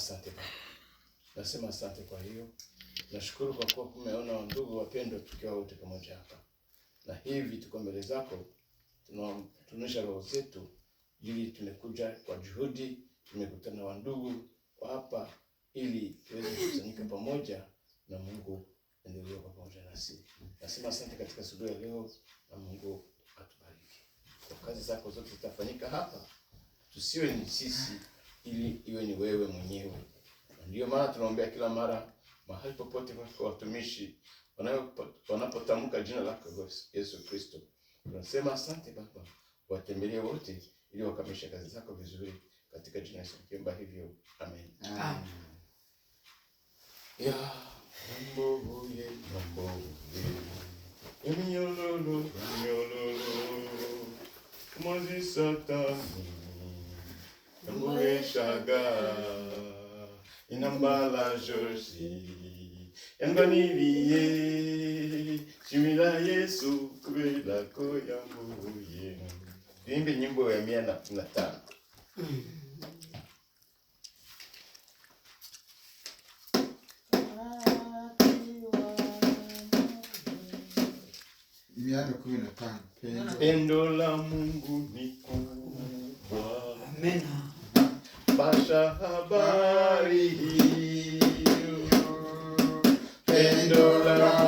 Asante Baba, nasema asante kwa hiyo. Nashukuru kwa kuwa kumeona wandugu wapendwa tukiwa wote pamoja hapa, na hivi tuko mbele zako, tunaonyesha roho zetu, ili tumekuja kwa juhudi, tumekutana wandugu hapa ili tuweze kukusanyika pamoja, na Mungu endelee kwa pamoja nasi. Nasema asante katika siku ya leo, na Mungu atubariki kwa kazi zako zote zitafanyika hapa, tusiwe ni sisi ili iwe ni wewe mwenyewe. ndio maana tunaombea kila mara, mahali popote kwa watumishi wanapotamka jina lako Yesu Kristo, tunasema asante Baba, watembelie wote ili wakamilishe kazi zako vizuri, katika jina Yesu kiomba hivyo, amen. Amen. Ya inambalajoshi yanganilie shimila yesu kube lako yangu yenu niimbe nyimbo ya mia na, na kumi na tano pendo la mungu ni kubwa amena وشهباره Habari la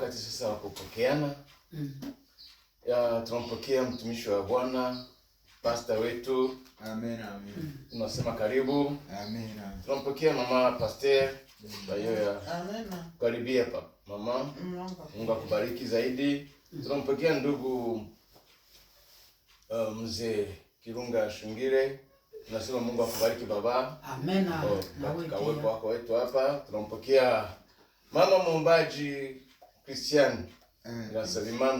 wakati sasa wa kupokeana. mm -hmm. tunampokea mtumishi wa Bwana pasta wetu amen, amen. Mm-hmm. Tunasema karibu amen, amen. Tunampokea mama Pasteur Bayoya, karibia pa mama, Mungu akubariki zaidi. Mm-hmm. Tunampokea ndugu uh, mzee Kirunga Shungire, tunasema Mungu akubariki baba, amen, amen. Oh, katika uwepo wako wetu hapa tunampokea mama mwombaji eh, gracias al